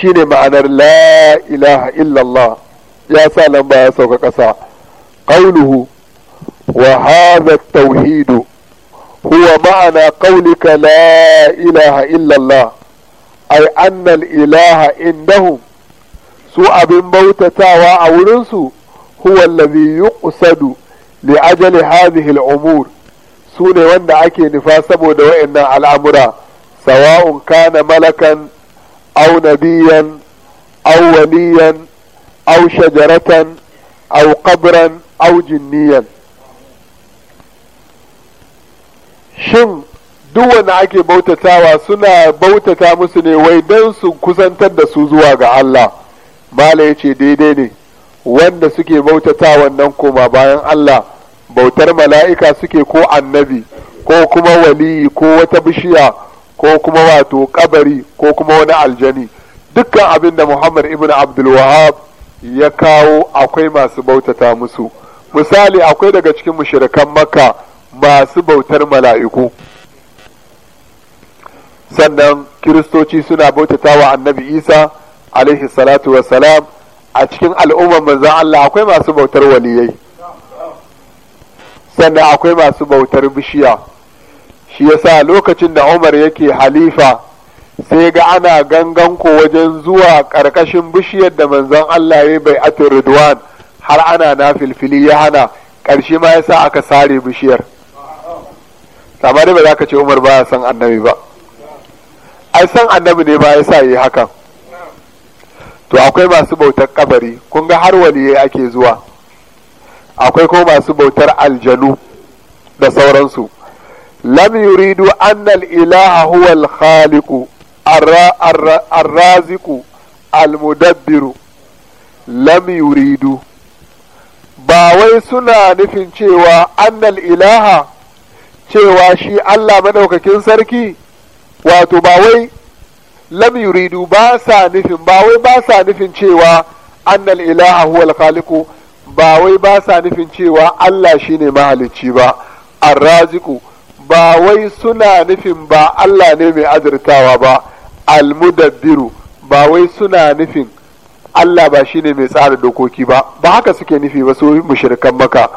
shine ma'anar la ilaha illallah ya sa lamba ya sauka ƙasa ƙauluhu wa hadha tauhidu huwa ma'ana qaulika la ilaha illallah ay anna ilaha indahum su abin bautatawa a wurinsu huwa allazi yuqsadu li ajali hadhihi al-umur su ne wanda ake nufa saboda wa'annan al'amura sawa'un kana malakan أو نبيا أو وليا أو شجرة أو قبرا shin duk wanda ake bautatawa suna bautata musu ne wai don su kusantar da su zuwa ga Allah mala ya ce daidai ne wanda suke bautata wannan koma bayan Allah bautar mala'ika suke ko annabi ko kuma waliyi ko wata bishiya ko kuma wato kabari ko kuma wani aljani dukkan abin da muhammad ibn abdul ya kawo akwai masu bautata musu misali akwai daga cikin mushirikan maka masu bautar mala'iku sannan kiristoci suna bautata wa annabi isa alaihi salatu a cikin al'ummar manzan allah akwai masu bautar waliyai sannan akwai masu bautar bishiya shi yasa lokacin da umar yake halifa sai ga ana gangan ko wajen zuwa ƙarƙashin bishiyar da manzon Allah ya bai atin ridwan har ana na filfili ya hana ƙarshe ma yasa aka sare bishiyar amma dai ba za ka ce umar baya san annabi ba ai san annabi ne ba yasa yi hakan to akwai masu bautar kabari kun ga har waliye ake zuwa akwai kuma masu bautar aljanu da sauransu lam yuridu anna al-ilaha huwa al-khaliqu ar-raziqu al suna nufin cewa annal ilaha cewa shi Allah maɗaukakin sarki wato ba wai lam ba sa nufin cewa annal ilaha huwal khaliqu ba ba sa nufin cewa Allah shine mahalicci ba arraziku ba wai suna nufin ba Allah ne mai azurtawa ba almudabbiru ba wai suna nufin Allah ba shine mai tsara dokoki ba ba haka suke nufi ba su mushrikan maka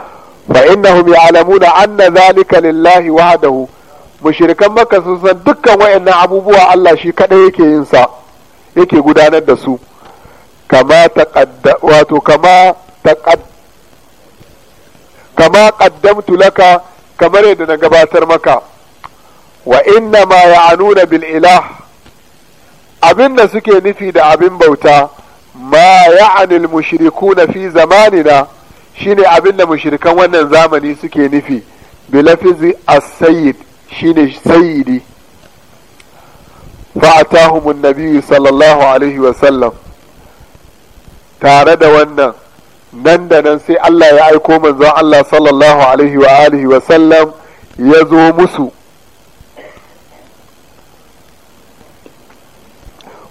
fa innahum ya'lamuna anna zalika lillahi wahdahu mushrikan maka sun san dukkan wayannan abubuwa Allah shi kadai yake yin sa yake gudanar da su kama taqadda wato kama taqad kama qaddamtu laka kamar yadda na gabatar maka wa inna ma ya bil ilah abin da suke nufi da abin bauta ma mushiriku na fi zamanina shine abin da mushirikan wannan zamani suke nufi bilafizi as-sayyid shine sayyidi fa'atahum an-nabi sallallahu alaihi wa sallam tare da wannan nan da nan sai Allah ya aiko manzon Allah sallallahu alaihi wa alihi wa sallam ya zo musu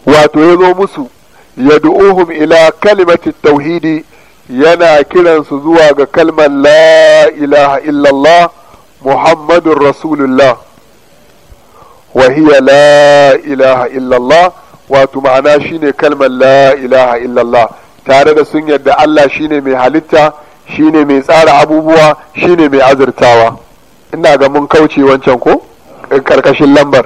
wato ya zo musu yad'uhum ila kalimati tauhidi yana kiransu zuwa ga kalmar la ilaha illallah muhammadun rasulullah wa hiya la ilaha illallah wato ma'ana shine kalmar la ilaha illallah tare da sun yarda Allah shine mai halitta shine mai tsara abubuwa shine mai azurtawa ina ga mun kauce wancan ko eh, karkashin lambar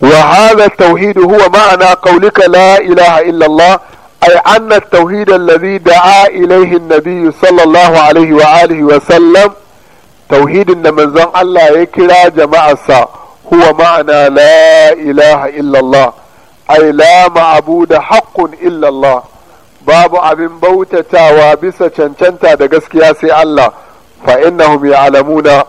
wa hadha tauhid huwa ma'ana qaulika la ilaha illa Allah ay anna at-tauhid alladhi da'a ilayhi an-nabiy sallallahu wa alihi wa sallam tauhidin da manzon Allah ya kira jama'arsa huwa ma'ana la ilaha illa Allah ai la ma'abuda haqqun illa Allah babu abin bautatawa bisa cancanta da gaskiya sai Allah fa innahum ya'lamuna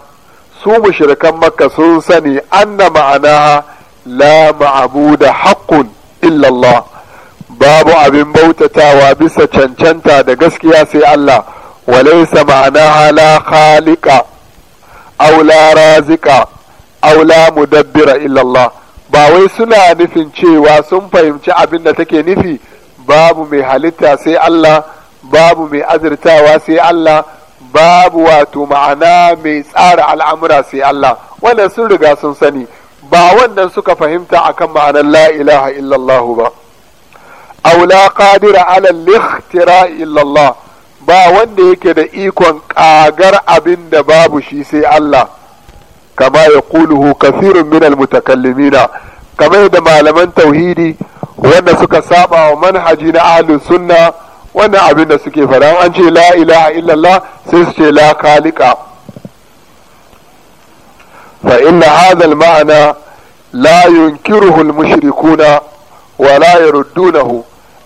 su mushrikan makka sun sani anna ma'ana la ma'abuda haqqun illa Allah babu abin bautatawa bisa cancanta da gaskiya sai Allah walaysa ma'ana la khaliqa aw la raziqa aw la mudabbira illa Allah ba wai suna nufin cewa sun fahimci abin da take nufi babu mai halitta sai Allah babu mai azirtawa sai Allah babu wato ma'ana mai tsara al'amura sai Allah wannan sun riga sun sani ba wannan suka fahimta akan ma'anar la ilaha illallah ba aula qadira ala likhtira illallah ba wanda yake da ikon kagar abin da babu shi sai Allah kama yaquluhu kathirun min almutakallimina kamar da malaman tauhidi wanda suka saba wa manhaji na ahlus sunna abin da suke fara an ce la ilaha illallah sai su ce la khaliqa fa inna hadha al-ma'na mushrikuna wa la yaruddunahu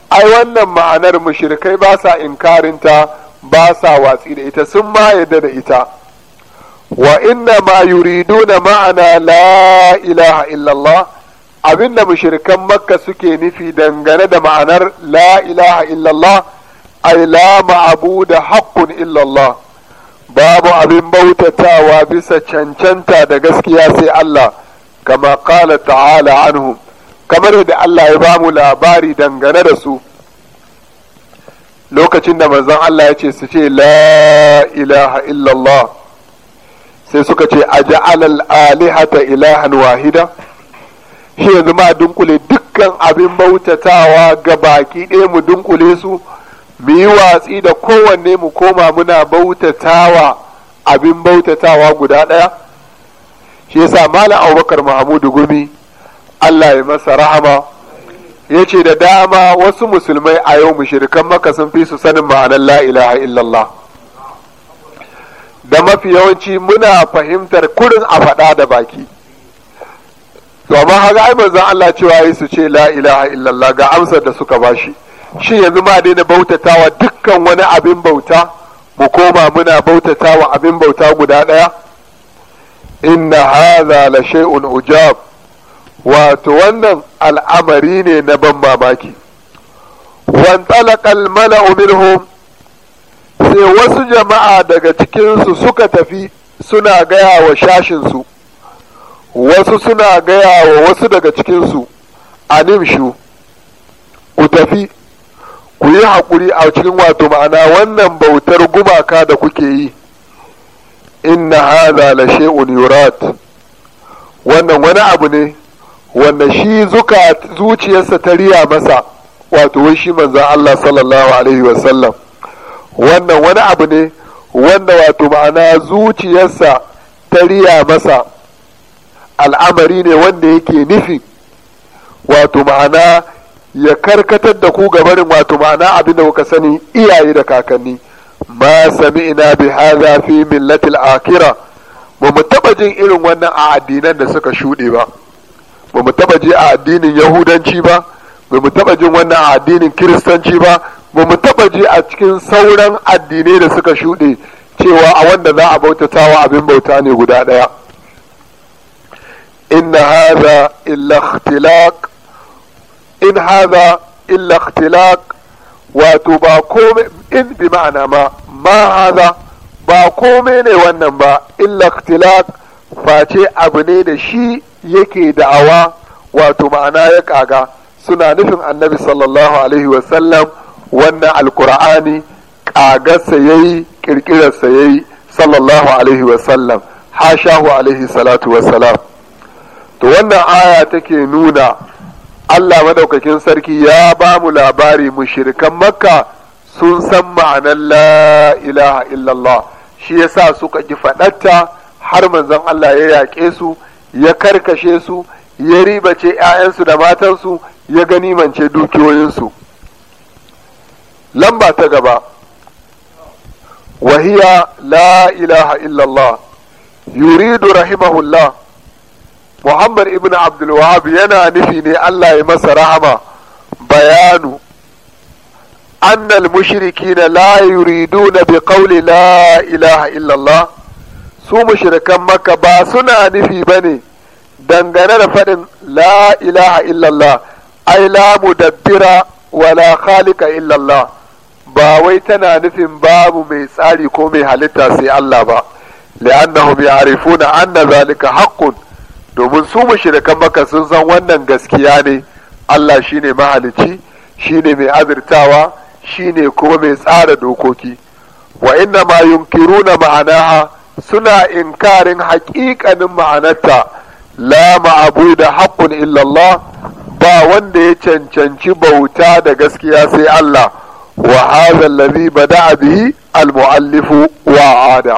ai wannan ma'anar mushrikai ba sa inkarinta ba sa watsi da ita sun ma yadda da ita wa inna ma ma'ana la ilaha illallah abinda mushirikan makka suke nufi dangane da ma'anar la ilaha illallah ay la ma'buda haqqun illallah babu abin bautatawa bisa cancanta da gaskiya sai Allah kama qala ta'ala anhum kamar da Allah ya bamu labari dangane da su lokacin da manzon Allah ya ce su ce la ilaha illallah sai suka ce a ja'alal alihata ilahan wahida shi yanzu ma dunkule dukkan abin bautatawa ga baki ɗaya mu dunkule su mu yi watsi da kowanne mu koma muna bautatawa abin bautatawa guda ɗaya shi yasa malam abubakar mahamudu gumi allah ya masa rahama ya ce da dama wasu musulmai a yau mushirikan maka sun fi su sanin ma'anar la ilaha illallah da mafi yawanci muna fahimtar kurin a faɗa da baki to amma haka ai manzon Allah cewa yi su ce la ilaha illallah ga amsar da suka bashi shi yanzu ma daina bautatawa dukkan wani abin bauta mu koma muna bautatawa abin bauta guda ɗaya inna hadha la shay'un ujab wato wannan al'amari ne na ban mamaki talaqal mala'u minhum sai wasu jama'a daga cikinsu suka tafi suna gaya wa shashinsu wasu suna gaya wa wasu daga cikinsu a nimshu ku tafi ku yi haƙuri a cikin wato ma'ana wannan bautar gumaka da kuke yi inna hadha la shay'un yurat wannan wani abu ne wanda shi zuciyarsa ta riya masa wato wai shi manzan Allah sallallahu alaihi wasallam wannan wani abu ne wanda wato ma'ana zuciyarsa ta riya masa al'amari ne wanda yake nufi wato ma'ana ya karkatar da ku gabarin wato ma'ana abin da kuka sani iyaye da kakanni ma sami'na bi hadha fi millatil akira ba mu taba jin irin wannan a addinan da suka shuɗe ba ba mu taba ji a addinin yahudanci ba ba mu taba jin wannan a addinin kiristanci ba ba mu taɓa ji a cikin sauran addinai da suka shuɗe cewa a wanda za a wa abin bauta ne guda ɗaya in haza illa ikhtilaq in wato ba komai in bi ma'ana ma ma haza ba komai ne wannan ba illa ikhtilaq face abu ne da shi yake da'awa wato ma'ana ya kaga suna nufin annabi sallallahu alaihi wasallam wannan alkur'ani kagarsa ya yi kirkirarsa ya yi sallallahu alaihi wasallam hashahu alaihi salatu wasalam to wannan aya take nuna allah madaukakin sarki ya ba mu labari mushirikan makka sun san ma'anar la ilaha illallah shi yasa suka ji faɗatta har manzon allah ya yaƙe su ya karkashe su ya ribace 'ya'yansu da matansu ya ganimance dukiyoyinsu lamba ta gaba wahiya la ilaha illallah yuridu rahimahullah muhammad ibn abdulwahab yana nufi ne allah ya masa rahama bayanu أن المشركين لا يريدون bi لا la ilaha illallah su mushrikan maka ba suna nufi ba ne dangane da faɗin la ilaha illallah ai la mudabbira wala khalika illallah ba wai tana nufin babu mai tsari ko mai halitta sai Allah ba li'annahum ya'rifuna anna zalika haqqun domin su mushrikan maka sun san wannan gaskiya ne Allah shine mahalici shine mai azirtawa shine kuma mai tsara dokoki wa inna ma yunkiruna ma'anaha suna inkarin haƙiƙanin ma'anarta la ma'abuda haqqun illallah ba wanda ya cancanci bauta da gaskiya sai Allah وهذا الذي بدا به المؤلف وعاد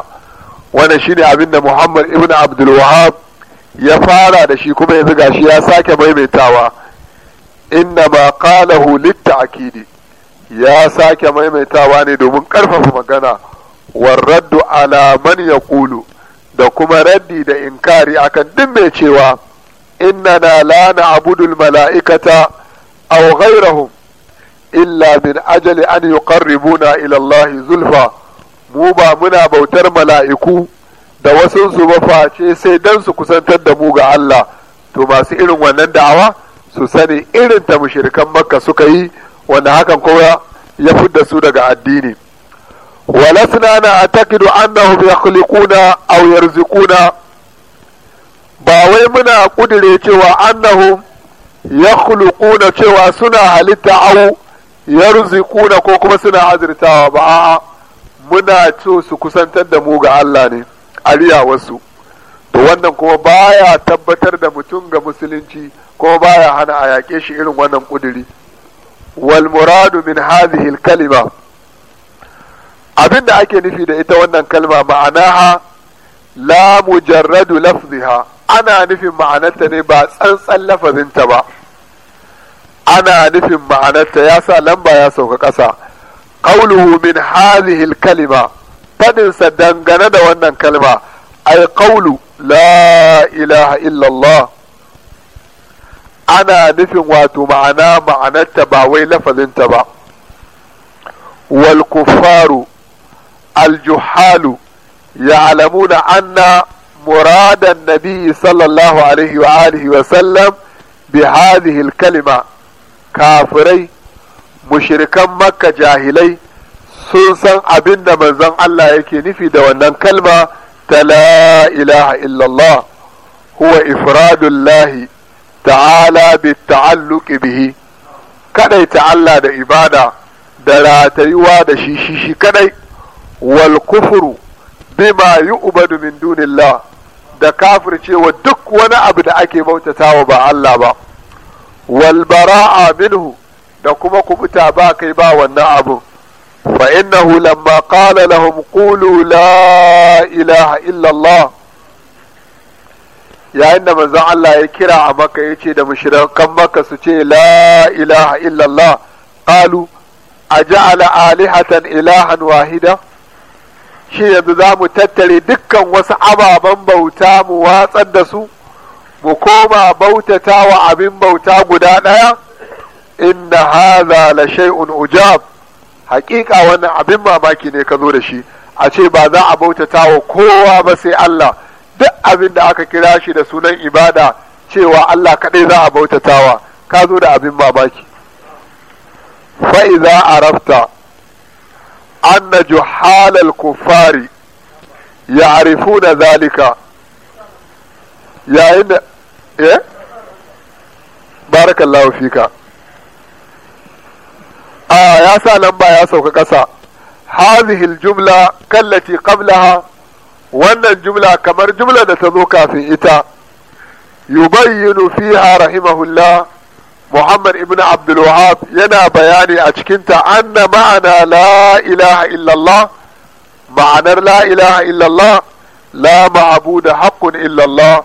shine abin da Muhammad ibn Abdulwahab ya fara da shi kuma yanzu shi ya sake maimaitawa inna ma qalahu litta'kidi ya sake maimaitawa ne domin karfafa magana warraddu ala man yaqulu da kuma raddi da inkari akan duk mai cewa na lana na'budul mala'ikata aw ghayrahum illa min ajali an yuqarribuna ila Allah zulfa mu ba muna bautar mala'iku da wasunsu su sai dan su kusantar da mu ga Allah to masu irin wannan da'awa su sani irin ta mushrikan makka suka yi wanda hakan kowa ya fidda su daga addini walasna na atakidu annahum yakhliquna aw yarziquna ba wai muna kudire cewa annahum yakhluquna cewa suna halitta au yarzuquna ko kuma suna azirtawa ba a'a muna ce su kusantar da mu ga Allah ne aliya wasu to wannan kuma baya tabbatar da mutum ga musulunci kuma baya hana a yaƙe shi irin wannan ƙuduri wal muradu min hadhihi al kalima abinda ake nufi da ita wannan kalma ma'anaha la mujarradu lafziha ana nufin ma'anarta ne ba tsantsan lafazinta ba ana nufin ma'anarta ya sa lamba ya sauka ƙasa qawluhu min hadhihi kalima fadinsa dangane da wannan kalma ay qawlu la ilaha illallah ana nufin wato ma'ana ma'anarta ba wai lafazinta ba wal kuffaru al juhalu ya'lamuna anna murada an-nabi sallallahu alaihi wa alihi wa sallam بهذه الكلمة kafirai mushirikan makka jahilai sun san abin da manzon Allah yake nufi da wannan kalma ta la ilaha illallah huwa ifradullahi ta'ala bitta'alluqi bihi ta Allah da ibada da ratayuwa da shi shi shi kadai wal kufuru bima yu'badu min dunillah da kafircewa duk wani abu da ake bautatawa ba Allah ba walbara'a minhu da kuma kubuta ba kai ba wannan abun fa innahu lamma qala lahum qulu la ilaha illa Allah yayin da manzon Allah ya kira a maka yace da mushrikan maka su ce la ilaha illa Allah qalu alihatan ilahan wahida shi yanzu za mu tattare dukkan wasu ababen bauta mu watsar da su mu koma bautata wa abin bauta guda ɗaya inna haza la shay'un ujab haƙiƙa wannan abin mamaki ne ka zo da shi a ce ba za a bautata wa kowa ba sai Allah duk abin da aka kira shi da sunan ibada cewa Allah kaɗai za a bautatawa ka zo da abin mamaki fa'iza arafta anna juhalal kuffari ya arifu da zalika yayin da eh barakallahu fika a ah, ya sa lamba ya sauka ƙasa hadhihi aljumla kallati qablaha wannan jumla kamar jumla da ta zo kafin ita yubayyinu fiha rahimahullah Muhammad ibn Abdul Wahab yana bayani a cikinta anna ma'ana la ilaha illallah ma'anar la ilaha illallah la ma'abuda da haƙƙun illallah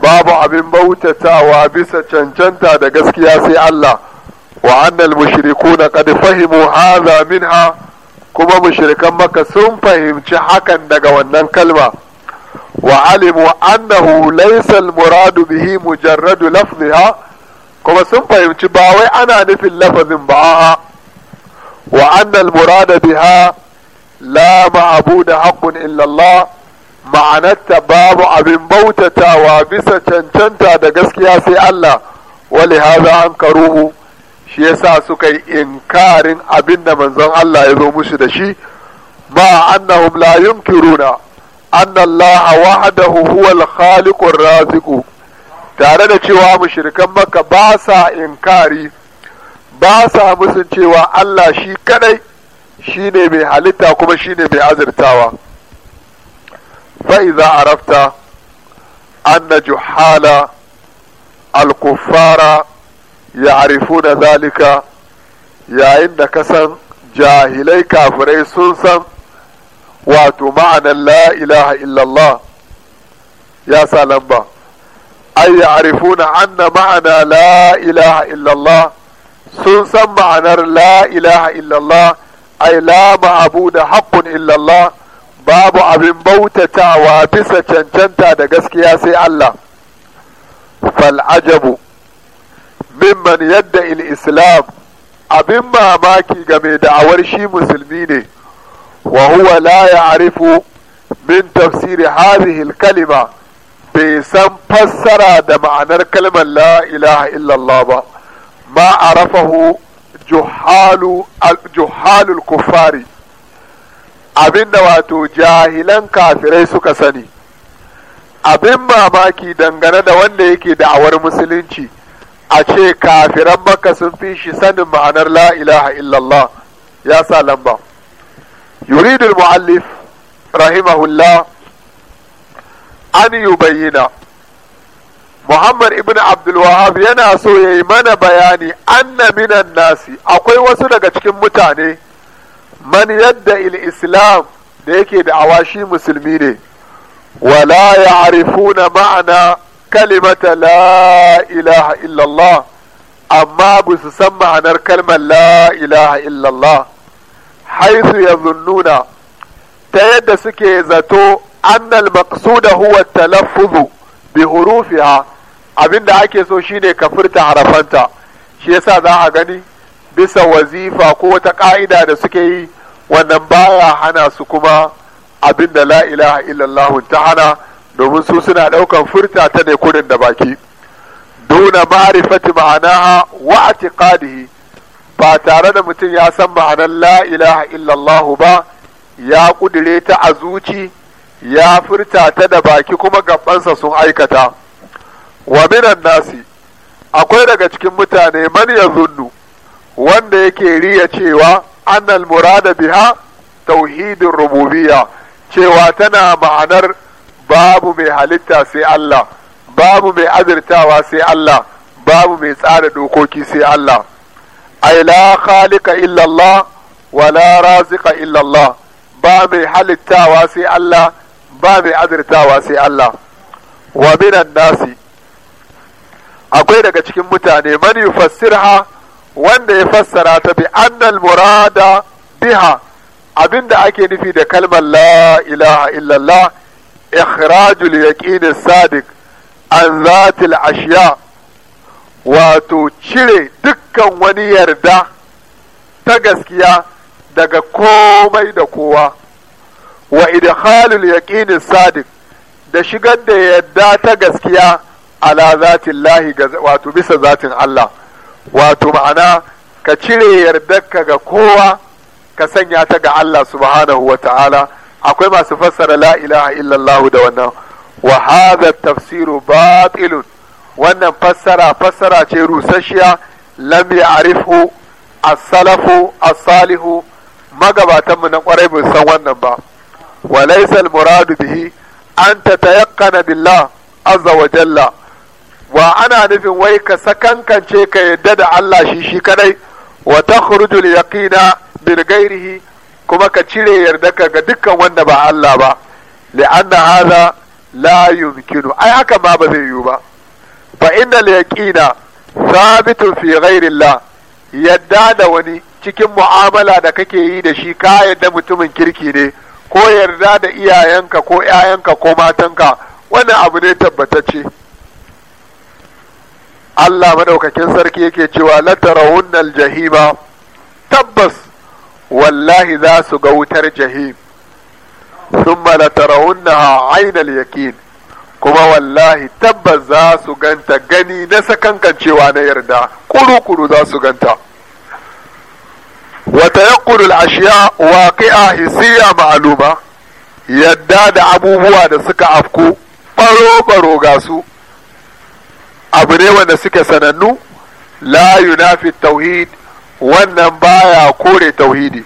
babu abin bautatawa bisa cancanta da gaskiya sai Allah wa annal mushrikuna qad fahimu hadha minha kuma mushrikan maka sun fahimci hakan daga wannan kalma wa alimu annahu laysa muradu bihi mujarradu lafziha kuma sun fahimci ba wai ana nufin lafazin ba wa annal murada biha la ma'budu haqqun illa Allah ma'anarta babu abin bautatawa bisa cancanta da gaskiya sai Allah wali haza an karuhu shi yasa suka yi inkarin abin da manzon Allah ya zo musu da shi ma annahum la yunkiruna anna Allah wahdahu huwa al-khaliqur raziqu tare da cewa mushrikan Makka ba sa inkari ba sa musun cewa Allah shi kadai shine mai halitta kuma shine mai azurtawa فإذا عرفت أن جحال الكفار يعرفون ذلك يا إنك سن جاهلي كافري سنسن واتو معنى لا إله إلا الله يا سلام با أي يعرفون أن معنى لا إله إلا الله سنسن معنى لا إله إلا الله أي لا معبود حق إلا الله babu abin bautatawa bisa cancanta da gaskiya sai Allah fal'ajabu mimman yadda il-islam abin mamaki game da'awar shi musulmi ne wa huwa la ya'rifu min tafsiri hadhihi kalima bai san fassara da ma'anar kalmar la ilaha illallah ba ma arafahu juhalu al abinda wato jahilan kafirai suka sani abin mamaki dangane da wanda yake da'awar musulunci a ce kafiran maka sun fi shi sanin ma'anar la ilaha illallah ya sa lamba yuridul mu'allif rahimahullah an bayyana Muhammad ibn abdulwahab yana so ya yi mana bayani anna minan nasi akwai wasu daga cikin mutane man yadda il islam da yake da shi musulmi ne wala na ma'ana kalimata la ilaha illallah amma ba san ma'anar kalmar la ilaha illallah haisu ya zunnuna ta yadda suke zato annal da huwa talaffuzu bi hurufiha abinda ake so shine ka furta harafanta shi yasa za a gani bisa wazifa ko wata ka'ida da suke yi wannan baya hana su kuma abin da la ilaha illallah ta hana domin su suna ɗaukan furta ta ne kurin da baki duna ma'rifati ma'anaha wa atiqadihi ba tare da mutum ya san ma'anar la ilaha illallah ba ya kudire ta a zuci ya furta ta da baki kuma gabansa sun aikata wa minan nasi akwai daga cikin mutane man yazunnu wanda yake riya cewa annal murada biha tauhidin Rububiya. cewa tana ma'anar babu mai halitta sai Allah babu mai azirtawa sai Allah babu mai tsada dokoki sai Allah Aila la khaliqa illa Allah wa ba mai halittawa sai Allah ba mai azirtawa sai Allah wa minan nasi akwai daga cikin mutane man yufassirha wanda ya fassara ta bi annal murada biha abinda ake nufi da kalmar la ilaha illallah ikhrajul yaqin sadiq an zatil ashiya wato cire dukkan wani yarda ta gaskiya daga komai da kowa wa idkhalul yaqin sadiq da shigar da yarda ta gaskiya ala zatillahi wato bisa zatin Allah wato ma'ana ka cire yardarka ga kowa ka sanya ta ga Allah subhanahu wa ta'ala akwai masu fassara la ilaha illallah da wannan wa hadha tafsiru batilun wannan fassara fassara ce rusasshiya lam ya'rifhu as-salafu as-salihu magabatan mu na kwarai bai san wannan ba wa laysa al-muradu bihi an tatayaqqana billah azza wa jalla wa ana nufin wai ka sakankance ka yadda da Allah shi shi kadai wa takhrujul yaqina bil ghairihi kuma ka cire yarda ka ga dukkan wanda ba Allah ba li'anna hadha la yumkinu ai haka ma ba zai yiwu ba fa innal yaqina thabitun fi yadda da wani cikin mu'amala da kake yi da shi ka yadda mutumin kirki ne ko yarda da iyayenka ko 'ya'yanka ko matanka wannan abu ne tabbatacce Allah madaukakin sarki yake cewa latarawunnal jahima tabbas wallahi za su ga wutar jahim thumma latarawunnaha ainal yakin kuma wallahi tabbas za su ganta gani na sakankancewa na yarda kuru-kuru za su ganta wata yankunan ashiya a hisiya ma'aluma yadda da abubuwa da suka afku baro-baro ga su abu ne wanda suke sanannu la yunafi tauhid wannan baya kore tauhidi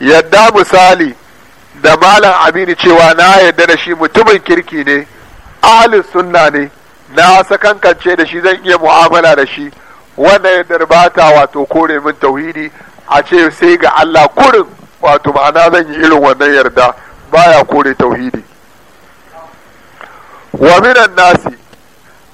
yadda misali da malam aminu cewa na yadda da shi mutumin kirki ne ahalin sunna ne na sakankance da shi zan iya mu'amala da shi wannan yadda ba wato kore min tauhidi a ce sai ga Allah kurin wato ma'ana zan yi irin wannan yarda baya kore tauhidi wa minan nasi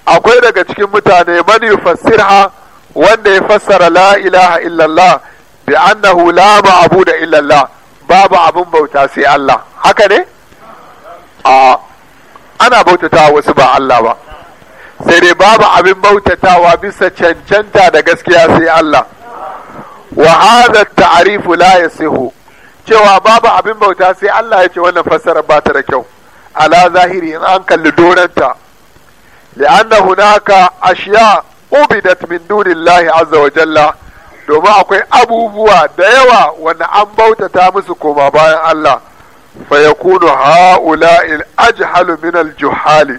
akwai daga cikin mutane man yufassirha wanda ya fassara la ilaha illallah bi annahu la ma'budu illallah babu abin bauta sai Allah haka ne ana bautata wasu ba Allah ba sai dai babu abin bautatawa bisa cancanta da gaskiya sai Allah wa hadha ta'rifu la yasihu cewa babu abin bauta sai Allah ya ce wannan fassara ba ta da kyau ala zahiri in an kalli doranta li'anna hunaka ashiya ubidat min dunillahi azza wa jalla domin akwai abubuwa da yawa wanda an bautata musu koma bayan Allah fayakunu yakunu ha'ula'il ajhalu min al-juhali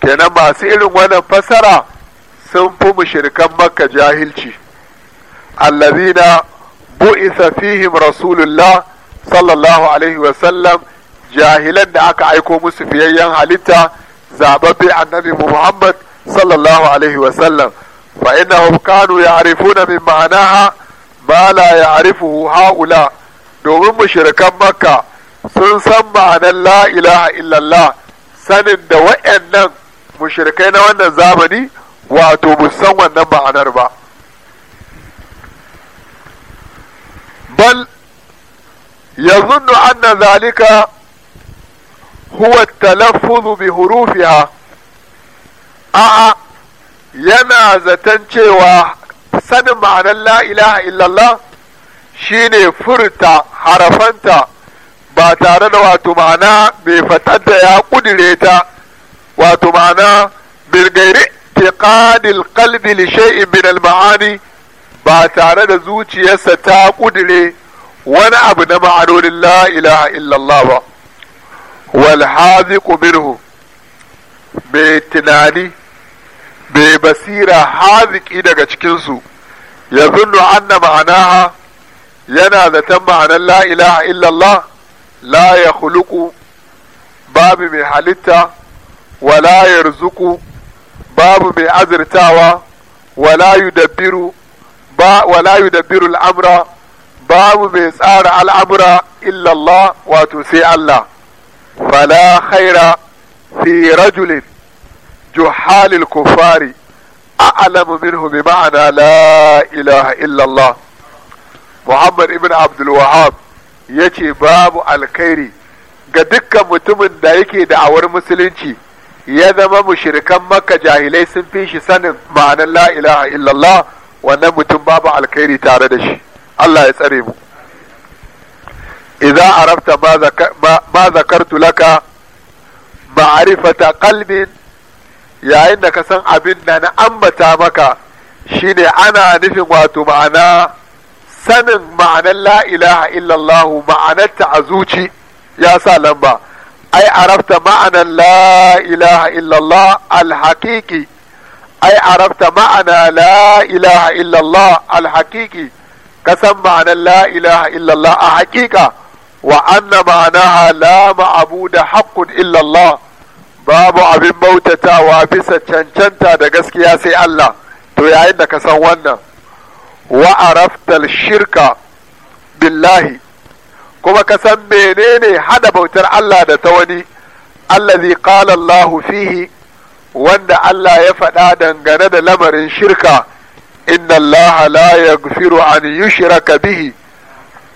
kenan masu irin wannan fasara sun fi mushrikan makka jahilci allazina bu'itha fihim rasulullah sallallahu alaihi wa sallam jahilan da aka aiko musu fiyayyen halitta zababbe annabi Muhammad sallallahu alaihi wa sallam fa innahum kanu ya'rifuna min ma'anaha ma la ya'rifuhu haula domin mushrikan Makka sun san ma'anar la ilaha illallah sanin da wa'annan mushrikai na wannan zamani wato ba san wannan ma'anar ba bal yazunnu anna zalika huwa talaffuzu bi hurufiha a'a yana zaton cewa sanin ma'anar la ilaha illallah shine furta harafanta ba tare da wato ma'ana mai fatar da ya kudire ta wato ma'ana min gairi tiqadil qalbi li al ma'ani ba tare da zuciyarsa ta ƙudire wani abu na ma'anonin la ilaha illallah ba walhaziku minhu mai tunani mai basira haziki daga cikinsu ya zunnu anna ma'anaha yana zaton ma'anar la ilaha illallah la ya huluku babu mai halitta wala ya rizuku babu mai azirtawa wala yudabbiru ba wala babu mai tsara al'amura illallah wato sai Allah فلا خير في رجل جحال الكفار أعلم منه بمعنى لا إله إلا الله محمد ابن عبد الوهاب يتي باب الخير ga dukkan mutumin da yake da'awar musulunci ya zama mushirikan maka jahilai sun fi shi sanin ma'anar la ilaha illallah wannan mutum babu alkhairi tare da shi Allah ya tsare mu idza arafta ba zakartu laka ma'rifata qalbin yayin da ka san abin da na ambata maka shine ana nufin wato ma'ana sanin ma'anar la ilaha illallah ma'anarta a zuci ya sa lamba ai arafta ma'anar la ilaha illallah alhaqiqi ma'ana la ilaha ka san ma'anar la ilaha illallah a haƙiƙa wa anna ma'anaha la ma'abuda haqqun illa Allah babu abin bautatawa bisa cancanta da gaskiya sai Allah to yayin da ka san wannan wa shirka billahi kuma ka san menene hada bautar Allah da ta wani allazi qala Allah fihi wanda Allah ya faɗa dangane da lamarin shirka inna Allah la yaghfiru an yushraka bihi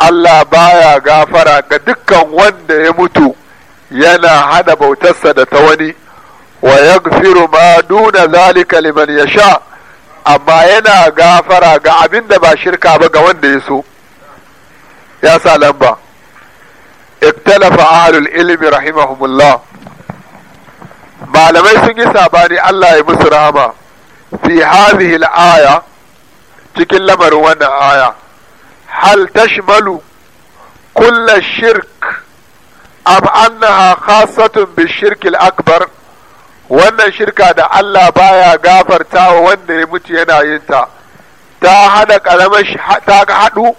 Allah baya gafara ga dukkan wanda ya mutu yana hada bautarsa da ta wani wa yaghfiru ma duna zalika liman sha, amma yana gafara ga abin da ba shirka ba ga wanda ya so ya sa lamba iktalafa ahlul ilmi rahimahumullah malamai sun yi sabani Allah ya musu rahama fi hadhihi al-aya cikin lamarin wannan aya هل تشمل كل الشرك أم أنها خاصة بالشرك الأكبر wannan shirka da Allah baya gafarta wa wanda ya mutu yana yinta ta ta hada karamar ta hadu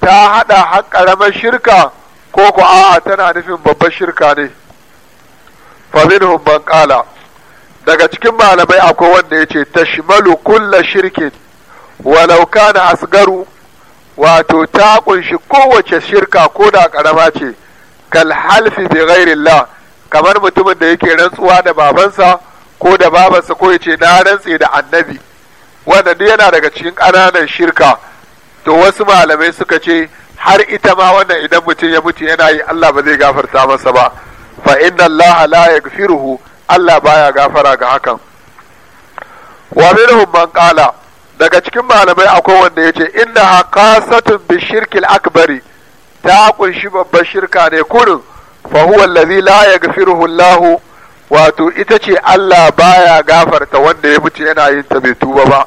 ta hada karamar shirka ko ko a'a tana nufin babbar shirka ne fa minhum man qala daga cikin malamai akwai wanda ya yace tashmalu kullu shirkin walau kana asgaru wato ta kunshi kowace shirka ko da karama ce kal halfi bi ghairillah kamar mutumin da yake rantsuwa da babansa ko da babansa ko yace na rantse da annabi wanda duk yana daga cikin ƙananan shirka to wasu malamai suka ce har ita ma wannan idan mutum ya mutu yana yi Allah ba zai gafarta masa ba fa inna Allah la yaghfiruhu Allah baya gafara ga hakan wa minhum man qala daga cikin malamai akwai wanda ya ce inna kasatun bi shirkil akbari ta kunshi babbar shirka ne kurin fahuwar huwa allazi la yaghfiruhu Allah wato ita ce Allah baya gafarta wanda ya mutu yana yin ta bai tuba ba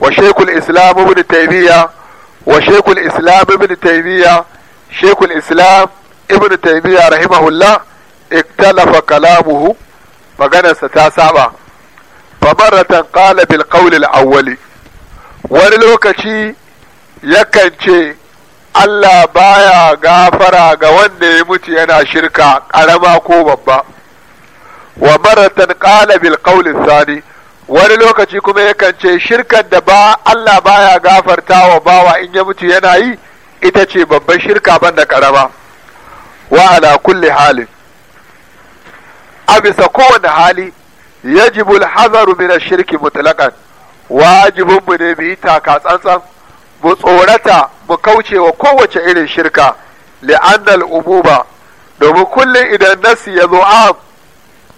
wa shaykhul islam ibn taymiya wa shekul islam ibn taymiya shaykhul islam ibn taymiya rahimahullah iktalafa kalamuhu maganarsa ta saba fa maratan qala bil wani lokaci yakan ce Allah baya gafara ga wanda ya mutu yana shirka ƙarama ko babba wa maratan ƙala bil sani wani lokaci kuma yakan ce shirkar da ba Allah baya gafarta wa bawa in ya mutu yana yi ita ce babban shirka banda karama wa ala kulli halin a bisa kowane hali yajibu al-hazaru min shirki mutlaqan wajibin mu ne mu yi taka tsantsan mu tsorata mu kauce wa kowace irin shirka li'annal umuba domin kullum idan nasi ya zo am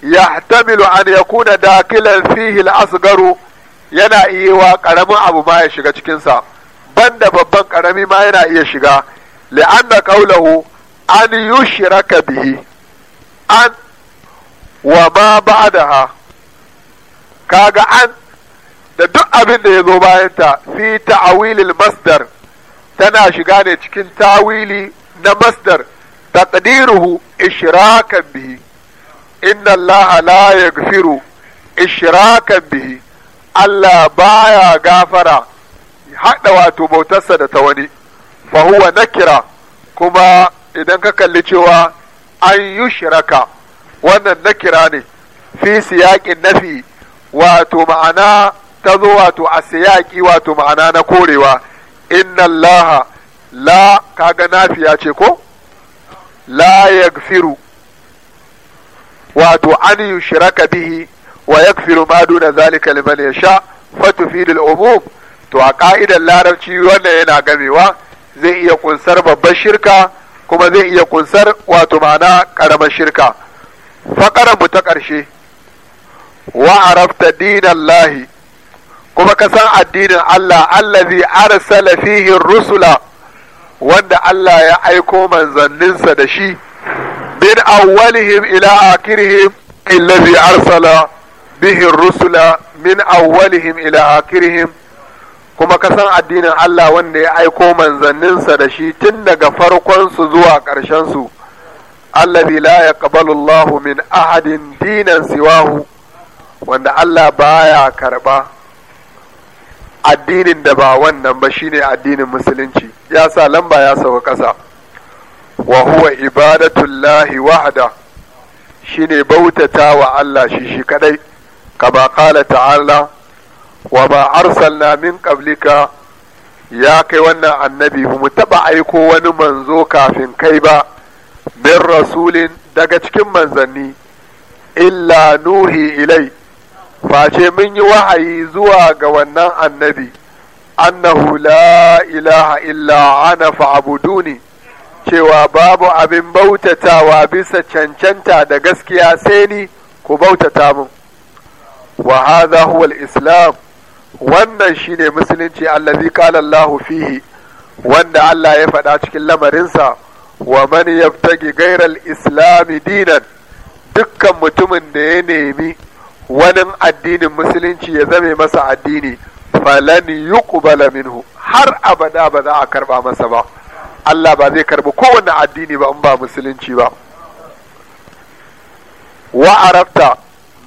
yahtamilu an ya dakilan fihi al-asgaru yana iya wa karamin abu ma ya shiga cikinsa banda babban karami ma yana iya shiga li'anna qawluhu an yushraka bihi an wa ma ba'daha kaga an da duk abin da ya zo bayanta fi ta'awilil masdar tana shiga ne cikin tawili na masdar taqdiruhu ishrakan bihi inna allaha la yaghfiru ishrakan bihi Allah baya gafara haɗa wato bautarsa da ta wani fa huwa nakira kuma idan ka kalli cewa an yi shiraka wannan nakira ne fi siyaƙin nafi wato ma'ana ta zo wato a siyaki wato ma'ana na korewa inna laha la kaga nafiya ce ko la yaghfiru wato an yushraka bihi wa yakfiru ma duna zalika liman yasha fa tufidu umum to a ka'idar larabci wannan yana gamewa zai iya kunsar babbar shirka kuma zai iya kunsar wato ma'ana karamar shirka faqara mu ta ƙarshe wa arafta dinallahi kuma ka san addinin Allah allazi arsala fihi rusula wanda Allah ya aiko manzanninsa da shi bin awwalihim ila akirihim allazi arsala bihi rusula min awwalihim ila akirihim kuma ka san addinin Allah wanda ya aiko manzanninsa da shi tun daga farkon su zuwa ƙarshen su allazi la yaqbalu Allahu min ahadin dinan siwahu wanda Allah baya karba addinin da ba wannan ba shine addinin musulunci ya sa lamba ya sauka ƙasa wa huwa ibadatullahi wahda shine bautata wa Allah shi shi kadai kama qala ta'ala wa ma arsalna min qablika ya kai wannan annabi mu taba aiko wani manzo kafin kai ba min rasulin daga cikin manzanni illa nuhi ilai face mun yi wahayi zuwa ga wannan annabi annahu la ilaha illa ana fa'buduni cewa babu abin bautatawa bisa cancanta da gaskiya sai ni ku bautata mun wa hadha huwa islam wannan shine musulunci allazi qala fihi wanda Allah ya faɗa cikin lamarinsa wa man yabtagi ghayra al-islam dinan dukkan mutumin da ya nemi wani addinin musulunci ya zame masa addini falan yuqbala minhu har abada ba za a karba masa ba Allah ba zai karbi kowane addini ba in ba musulunci ba wa arabta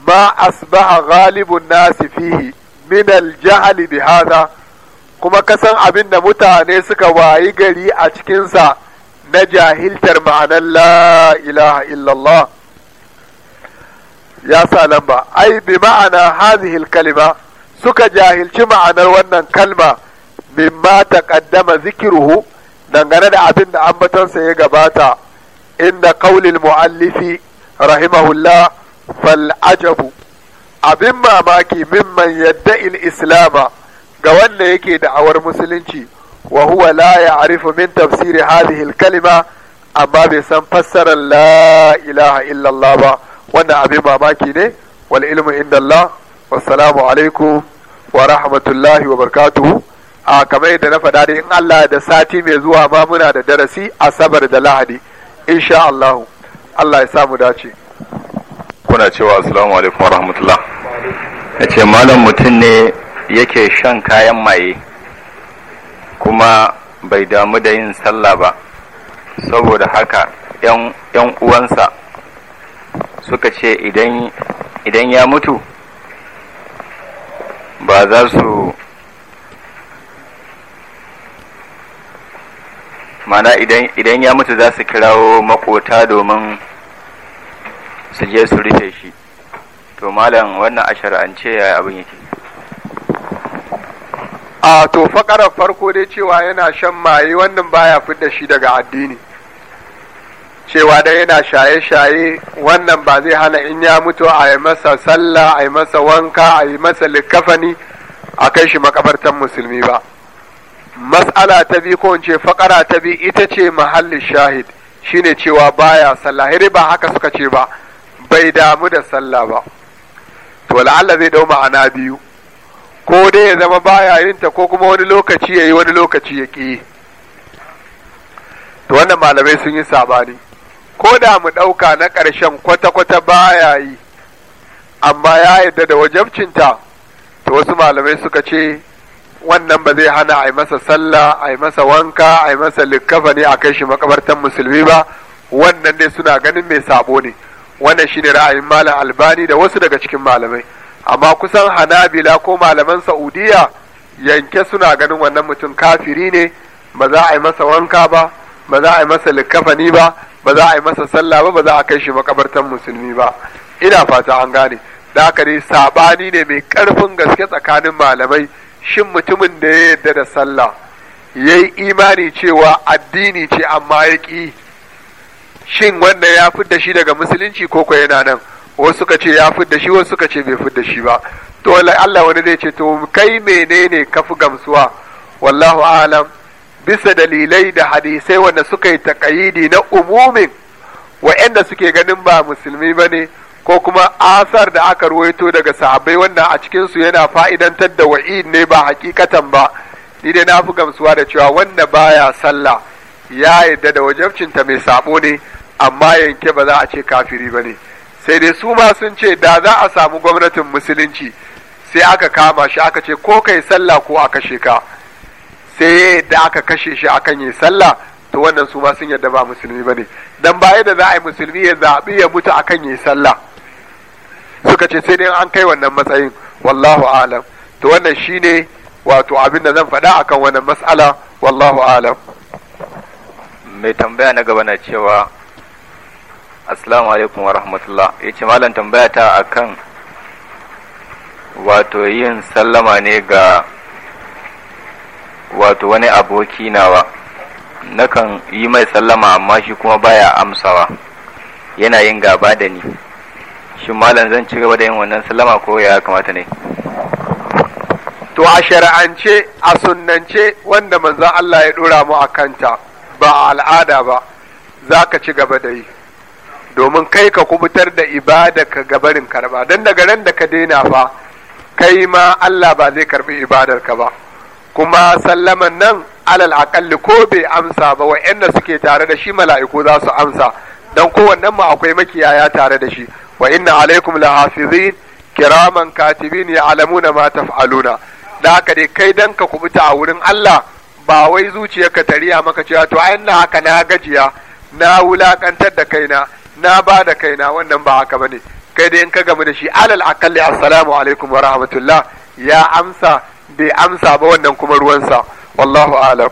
ma asbaha ghalibun nasi fihi min al bi hadha kuma kasan abin da mutane suka wayi gari a cikinsa na jahiltar ma'anar la ilaha illallah ya sa lamba ai bi ma'ana hadhihi kalima suka jahilci ma'anar wannan kalma mimma taqaddama zikruhu dangane da abin da ambatonsa ya gabata inda qaulil muallifi rahimahullah fal ajabu abin mamaki mimman yadda il islama ga wanda yake da'awar musulunci wa huwa la ya'rifu min tafsiri hadhihi kalima amma bai san fassarar la ilaha illallah ba wannan abin mamaki ne wal ilmu inda Allah wassalamu alaikum wa rahmatullahi wa barkatu. a kamar yadda na faɗa dai in Allah da sati mai zuwa ma muna da darasi asabar da lahadi insha Allah Allah ya samu dace kuna cewa assalamu alaikum wa rahmatullah ce malam mutum ne yake shan kayan maye kuma bai damu da yin sallah ba saboda haka 'yan uwansa suka ce idan ya mutu ba za su mana idan ya mutu za su kirawo makota domin su je su rufe shi to malam wannan an ce ya abin yake a to fakarar farko dai cewa yana shan maye wannan baya fidda shi daga addini cewa da yana shaye-shaye wannan ba zai hana in ya mutu a yi masa sallah a yi masa wanka a yi masa likafani a kai shi makabartan musulmi ba mas'ala ta bi ko ce fakara ta bi ita ce mahallin shahid shine cewa baya sallah ba haka suka ce ba bai damu da sallah ba to la'alla zai dau ma'ana biyu ko dai ya zama baya yin ta ko kuma wani lokaci ya yi wani lokaci ya ƙi to wannan malamai sun yi sabani ko da mu ɗauka na ƙarshen kwata-kwata baya yi amma ya yarda da wajabcinta to wasu malamai suka ce wannan ba zai hana a yi masa sallah a yi masa wanka a yi masa likkafa ne a kai shi makabartan musulmi ba wannan dai suna ganin mai sabo ne wannan shine ra'ayin malam albani da wasu daga cikin malamai amma kusan hanabila ko malaman Saudiyya, yanke suna ganin wannan mutum kafiri ne ba za a yi masa wanka ba ba za a yi masa likkafani ba ba za a yi masa sallah ba ba za a kai shi makabartan musulmi ba ina fata an gane da haka ne sabani ne mai karfin gaske tsakanin malamai shin mutumin da ya yarda da sallah ya yi imani cewa addini ce amma ya ƙi shin wanda ya fidda shi daga musulunci ko ko yana nan wasu suka ce ya fidda shi wasu suka ce bai fidda shi ba to Allah wani zai ce to kai menene ka fi gamsuwa wallahu alam bisa dalilai da hadisai wanda suka yi taƙayidi na umumin wa'yanda suke ganin ba musulmi ba ne ko kuma asar da aka ruwaito daga sahabbai wanda a cikinsu yana fa'idantar da wa'id ne ba hakikatan ba ni dai na fi gamsuwa da cewa wanda baya sallah ya yadda da wajabcinta mai sabo ne amma yanke ba za a ce kafiri ba ne sai dai su ma sun ce da za a samu gwamnatin musulunci sai aka kama shi aka ce ko kai sallah ko aka kashe sai da aka kashe shi akan yi sallah to wannan su ma sun yarda ba musulmi ba ne dan baya da za a yi musulmi ya zaɓi ya mutu akan yi sallah suka ce sai dai an kai wannan matsayin wallahu alam to wannan shine wato abin da zan faɗa akan wannan mas'ala wallahu alam mai tambaya na gaba na cewa assalamu alaikum wa rahmatullah ya ce malam tambaya ta akan wato yin sallama ne ga wato wani aboki nawa nakan yi mai sallama amma shi kuma baya amsawa yana yin gaba da ni shi malam zan ci gaba da yin wannan sallama ko ya kamata ne to a shari'ance a sunnance wanda manzon Allah ya dora mu a kanta ba al'ada ba za ka ci gaba da yi domin kai ka kubutar da ibada ka gabarin karba don daga ran da ka daina fa kai ma Allah ba zai karbi ibadar ka ba kuma sallaman nan alal aƙalli ko bai amsa ba wa'yanda suke tare da shi mala'iku za su amsa don kowannen mu akwai makiyaya tare da shi wa inna alaikum lahafizin kiraman katibin ya na ma taf'aluna da haka dai kai dan ka kubuta a wurin Allah ba wai zuciya ka tariya maka cewa to ai na haka na gajiya na wulakantar da kaina na ba da kaina wannan ba haka ba ne. kai dai in ka gamu da shi alal akalli assalamu alaikum wa rahmatullah ya amsa bai amsa ba wannan kuma ruwansa wallahu alam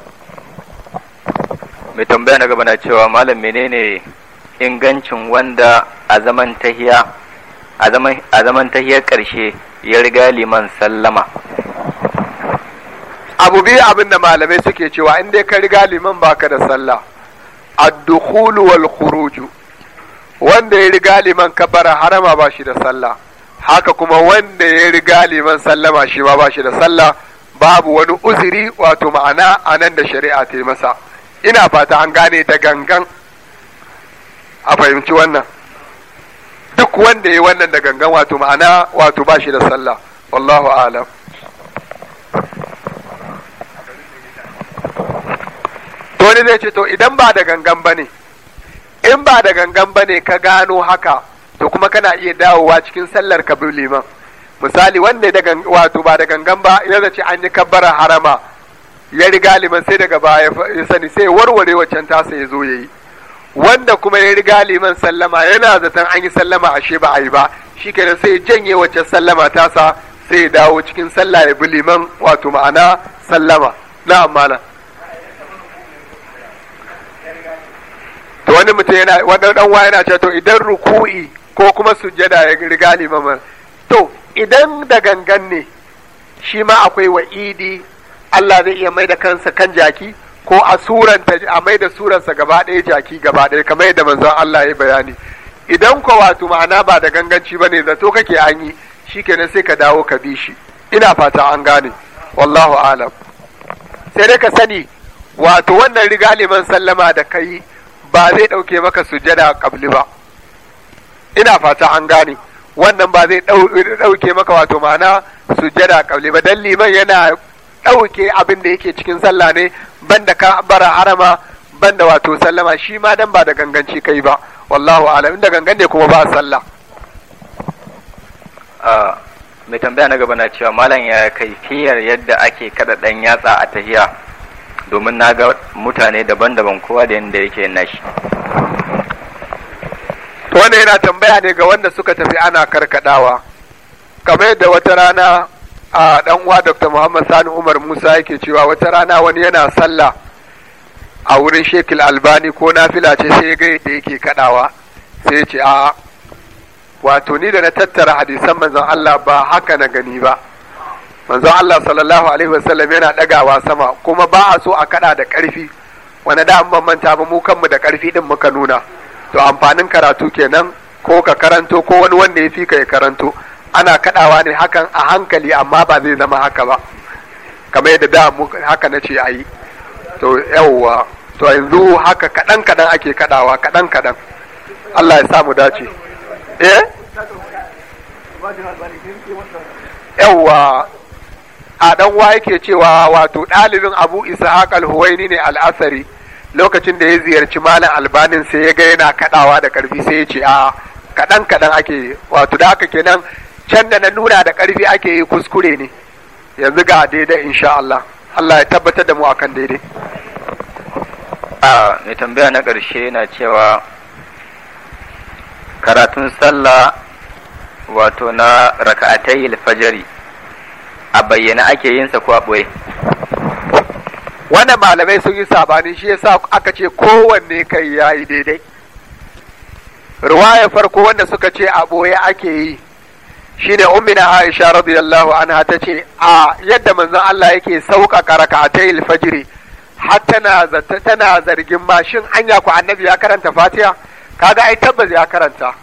mai tambaya na gaba na cewa malam menene ingancin wanda a zaman tahiya a zaman tahiyar karshe ya riga liman sallama abu bi abin da malamai suke cewa inda ka riga liman baka da sallah ad-dukhulu wal khuruju wanda ya riga liman kabara harama ba shi da sallah haka kuma wanda ya riga liman sallama shi ma ba shi da sallah babu wani uzuri wato ma'ana a nan da shari'a ta yi masa ina fata an gane da gangan a fahimci wannan duk wanda ya yi wannan da gangan wato ma'ana wato ba shi da sallah wallahu alam to ne zai ce to idan ba da gangan ba ne in ba da gangan ba ne ka gano haka to kuma kana iya dawowa cikin sallar ka liman misali wanda da wato ba da gangan ba ya zace an yi kabbara harama ya riga liman sai daga baya ya sani sai warware waccan tasa ya zo ya yi wanda kuma ya riga liman sallama yana zaton an yi sallama ashe ba a yi ba shi kenan sai janye waccan sallama tasa sai ya dawo cikin sallah ya bi liman wato ma'ana sallama na amana to wani mutum yana wani dan yana cewa to idan ruku'i ko kuma sujjada ya riga limamar to idan da gangan ne shi ma akwai wa'idi Allah zai iya mai da kansa kan jaki ko a suranta a mai da surarsa gaba ɗaya jaki gaba ɗaya kamar yadda zan Allah ya bayani idan ko wato ma'ana ba da ganganci ba bane to kake an yi shikenan sai ka dawo ka bi shi ina fata an gane wallahu alam sai dai ka sani wato wannan riga liman sallama da kai ba zai ɗauke maka sujjada kabli ba ina fata an gane wannan ba zai ɗauke maka wato ma'ana jada kauli ba dan liman yana ɗauke abin da yake cikin sallah ne banda ka bara harama banda wato sallama shi ma dan ba da ganganci kai ba wallahu alam inda gangan ne kuma ba sallah mai tambaya na gaba na cewa malam ya kai fiyar yadda ake kada dan yatsa a tahiya domin na ga mutane daban-daban kowa da yanda yake nashi wanda yana tambaya ne ga wanda suka tafi ana karkadawa kamar yadda wata rana a dan uwa Dr. Muhammad Sani Umar Musa yake cewa wata rana wani yana sallah a wurin Shekil Albani ko nafila ce sai ga yadda yake kadawa sai ya ce a wato ni da na tattara hadisan manzon Allah ba haka na gani ba manzon Allah sallallahu alaihi wasallam yana dagawa sama kuma ba a so a kada da karfi wani da an manta ba mu kanmu da karfi din muka nuna to amfanin karatu kenan ko ka karanto ko wani wanda ya fi ka ya karanto ana kadawa ne hakan a hankali amma ba zai zama haka ba kamar yadda da haka na ce ayi to yawwa to yanzu haka kadan kadan ake kadawa kadan kadan Allah ya samu dace eh yawwa a dan wa yake cewa wato ɗalibin abu isa al-huwaini ne al-asari lokacin da ya ziyarci malam albanin sai ya ga yana kadawa da karfi sai ya ce a kadan kadan ake wato da haka kenan can da na nuna da karfi ake yi kuskure ne yanzu ga daidai insha Allah Allah ya tabbatar da mu akan daidai a mai tambaya na karshe na cewa karatun sallah wato na raka'atai alfajari a bayyana ake yinsa ko a boye wannan malamai sun yi sabani shi yasa aka ce kowanne kai ya yi daidai ruwaya farko wanda suka ce a ɓoye ake yi shine ummina Aisha radiyallahu anha tace a yadda manzon Allah yake sauƙaƙa a fajiri har tana zargin ma shin anya ku annabi ya karanta Fatiha kaga ai tabbas ya karanta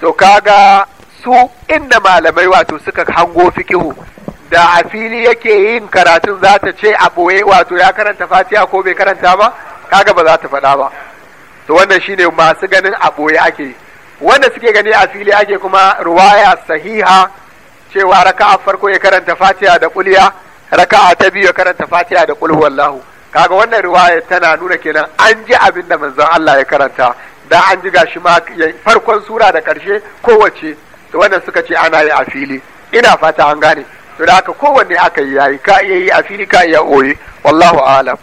to kaga su inda malamai wato suka hango fikihu da a fili yake yin karatun za ta ce a ɓoye wato ya karanta Fatiya ko bai karanta ba kaga ba za ta faɗa ba to wannan shine masu ganin a ɓoye ake wanda suke gani a fili ake kuma ruwaya sahiha cewa raka'a farko ya karanta fatiha da kulya raka'a ta biyu ya karanta fatiha da kulhu wallahu kaga wannan ruwaya tana nuna kenan an ji abin da manzon Allah ya karanta da an ji gashi ma farkon sura da karshe kowace to wannan suka ce ana yi a fili ina fata an gane to da haka kowanne aka yi yayi ka iya yi a fili ka iya oye wallahu alam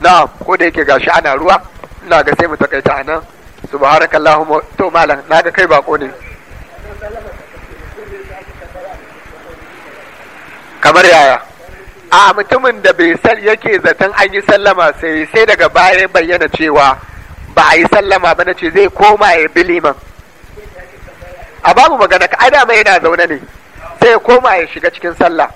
na ko da yake gashi ana ruwa ina ga sai mu takaita anan subhanakallahumma to malam Na ga kai bako ne kamar yaya a mutumin da bai san yake zaton an yi sallama sai sai daga baya bayyana cewa ba a yi sallama ba na ce zai koma ya bi a babu magana ka dama yana zaune ne sai ya koma ya shiga cikin sallah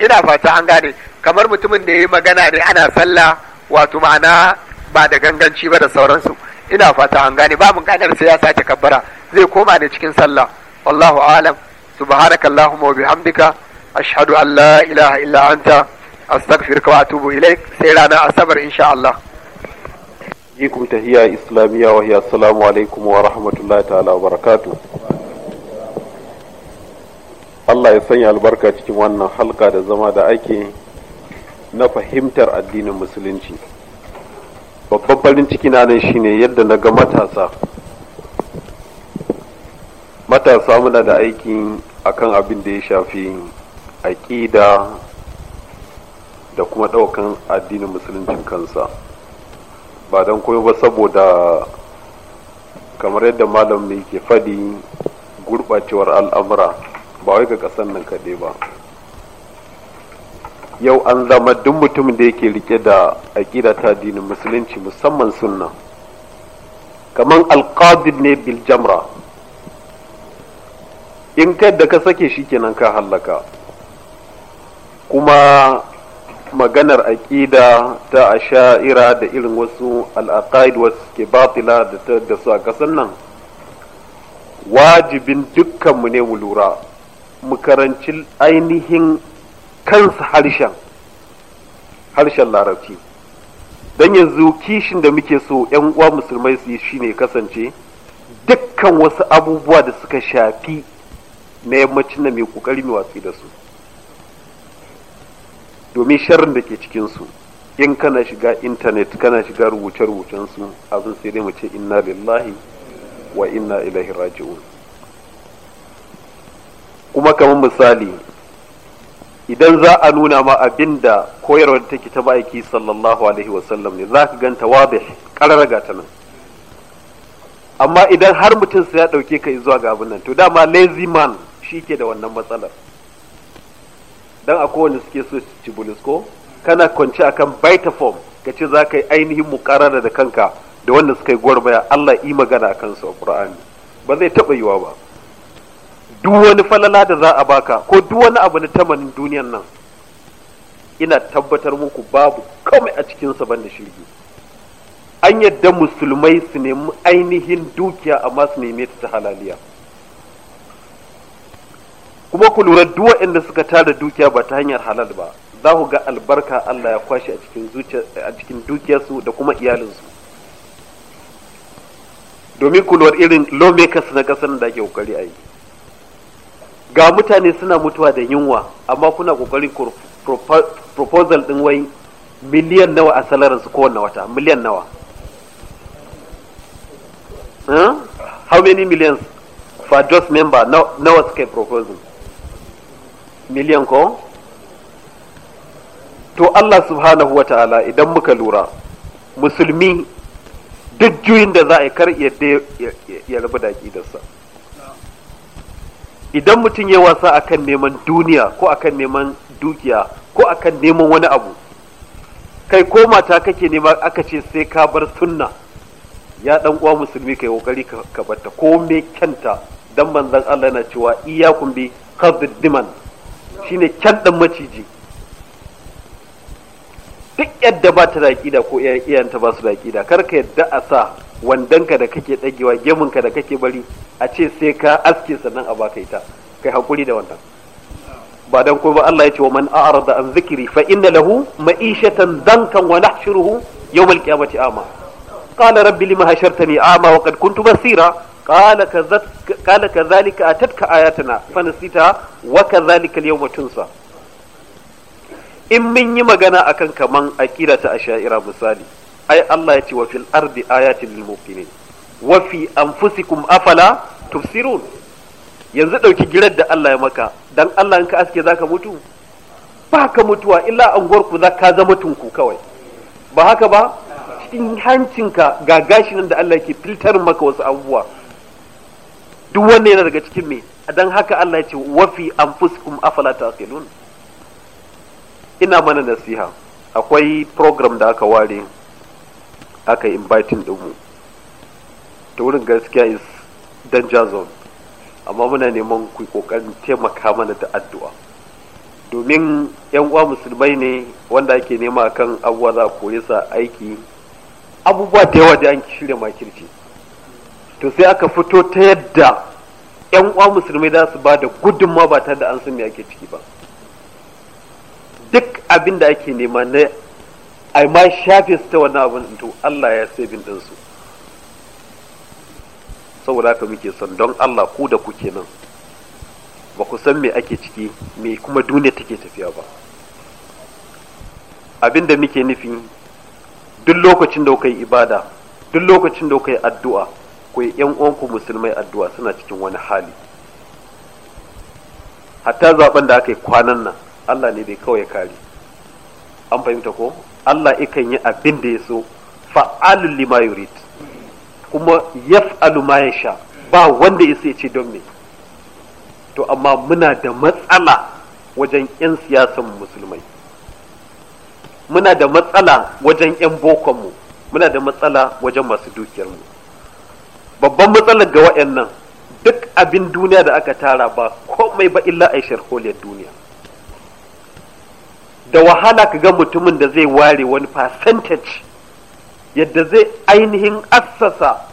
ina fata an gane kamar mutumin da ya yi magana ne ana sallah wato ma'ana ba da ganganci ba da sauransu ina fata an gane ba mun ganar sai ya sake kabbara zai koma ne cikin sallah wallahu alam subhanaka allahumma wa bihamdika ashhadu an la ilaha illa anta astaghfiruka wa atubu ilaik sai rana asabar insha Allah jikum tahiyya islamiyya wa hiya assalamu alaikum wa rahmatullahi ta'ala wa barakatuh Allah ya sanya albarka cikin wannan halka da zama da ake na fahimtar addinin musulunci babban farin ciki na nan shine yadda na ga matasa matasa muna da aiki akan abin da ya shafi aƙida da kuma ɗaukan addinin musuluncin kansa ba don koyo ba saboda kamar yadda malam ne ke faɗi gurɓacewar al'amura ba wai ga ƙasan nan kaɗai ba yau an zama duk mutumin da yake rike da aƙida ta addinin musulunci musamman sunna kamar alƙadir ne bil jamra in kai da ka sake shi kenan ka hallaka kuma maganar aƙida ta asha'ira da irin wasu al'aqaid wasu ke batila da su a ƙasan nan wajibin dukkanmu ne mu lura mu ainihin kansa harshen harshen larabci don yanzu kishin da muke so 'yan uwa musulmai su yi shine kasance dukkan wasu abubuwa da suka shafi na yammacin na mai kokari mai watsi da su domin sharrin da ke cikinsu in kana shiga intanet kana shiga rubuce-rubucensu abin sai dai mu ce inna lillahi wa inna ilaihi raji'un kuma kamar misali idan za a nuna ma abin da da take ta ma'aiki sallallahu alaihi wasallam ne za ka ganta wabe ga ta nan amma idan har mutum sai ya ɗauke ka zuwa ga abin nan to dama lazy man shi ke da wannan matsalar don a kowane suke so ci bulisko, kana kwanci akan baita form ka ce za ka yi ainihin mukarara da kanka da wanda suka yi gwarbaya Allah yi magana a kansu a Qur'ani ba zai taɓa yiwa ba duk wani falala da za a baka ko duk wani abu na tamanin duniyan nan ina tabbatar muku babu komai a cikinsa banda shirgi an yadda musulmai su nemi ainihin dukiya amma su neme ta halaliya kuma ku lura duk waɗanda suka tara dukiya ba ta hanyar halal ba za ku ga albarka Allah ya kwashe a cikin a cikin dukiyarsu da kuma iyalinsu domin ku lura irin lawmakers na ƙasar da ake kokari a yi ga mutane suna mutuwa da yunwa amma kuna kokarin proposal din wai miliyan nawa a salarin su kowanne wata miliyan nawa how many millions for just member nawa suka yi proposal miliyan ko to Allah subhanahu wa ta'ala idan muka lura musulmi duk juyin da za a yi kar ya rabu da sa. idan mutum ya wasa akan neman duniya ko akan neman dukiya ko akan neman wani abu kai ko mata kake nema aka ce sai ka bar sunna ya dan uwa musulmi kai ƙoƙari ka batta ko me kyanta dan manzon Allah yana cewa iyyakum bi khadhid diman shine kyan dan maciji duk yadda ba ta da aƙida ko iyayenta ba su da aƙida kar ka yadda a sa wandanka da kake ɗagewa gemunka da kake bari a ce sai ka aske sannan a baka ita kai hakuri da wannan ba dan ko ba Allah ya ce wa man a'rada an zikri fa inna lahu ma'ishatan dankan wa nahshuruhu yawmal qiyamati ama qala rabbi lima hashartani ama wa qad kuntu basira qala kadhalika qala kadhalika atatka tana fa nasita wa kadhalika al-yawma tunsa in mun yi magana akan kaman aqida ta asha'ira misali ai Allah ya ce wa fil ardi ayatin lil muqinin wa fi anfusikum afala tubsirun yanzu dauki girar da Allah ya maka dan Allah in ka aske zaka mutu ba ka mutuwa illa anguwar ku ka zama tunku kawai ba haka ba cikin hancinka ga gashi nan da Allah yake filtar maka wasu abubuwa duk wanne yana daga cikin me dan haka Allah ya ce wa fi anfusikum afala taqilun ina mana nasiha akwai program da aka ware aka yi inviting dinmu ta wurin gaskiya is danger zone amma muna neman ku kokarin taimaka mana da addu'a domin yan uwa musulmai ne wanda ake nema kan abubuwa za a kore sa aiki abubuwa da yawa da an shirya makirci to sai aka fito ta yadda yan uwa musulmai za su ba da gudunmawa ba tare da an san me ake ciki ba duk abin da ake nema na ai ma shafe su ta wani abin to Allah ya sabin din su saboda haka muke son don Allah ku da kuke nan ba ku san me ake ciki me kuma duniya take tafiya ba abin da muke nufi duk lokacin da kai ibada duk lokacin da kai addu'a ku yi yan uwanku musulmai addu'a suna cikin wani hali hatta zaben da aka yi kwanan nan Allah ne dai kawai ya kare an fahimta ko Allah ikan yi abin da ya so fa'alul lima yurid kuma yaf'alu ma yasha ba wanda ya ce don me to amma muna da matsala wajen 'yan siyasan musulmai muna da matsala wajen 'yan bokonmu muna da matsala wajen masu dukiyar mu babban matsalar ga waɗannan duk abin duniya da aka tara ba komai ba illa a sharholiyar duniya da wahala ka ga mutumin da zai ware wani percentage yadda zai ainihin assasa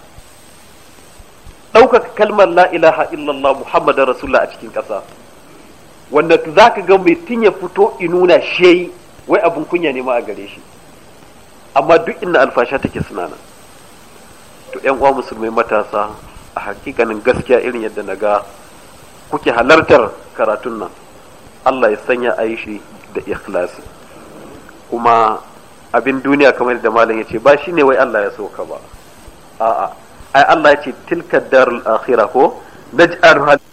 ɗaukaka kalmar la ilaha illallah Muhammadu rasulullah a cikin ƙasa wanda za ka ga tun ya fito inuna shi wai abin kunya ne ma a gare shi amma duk inna alfasha take sunana to yan uwa musulmai matasa a hakikanin gaskiya irin yadda na ga kuke halartar karatun nan Allah ya sanya a yi shi da ikhlasi kuma abin duniya kamar da malam ya ce ba shi ne wai Allah ya so ka ba a'a ai Allah ya ce tilka darul akhirah ko naj'al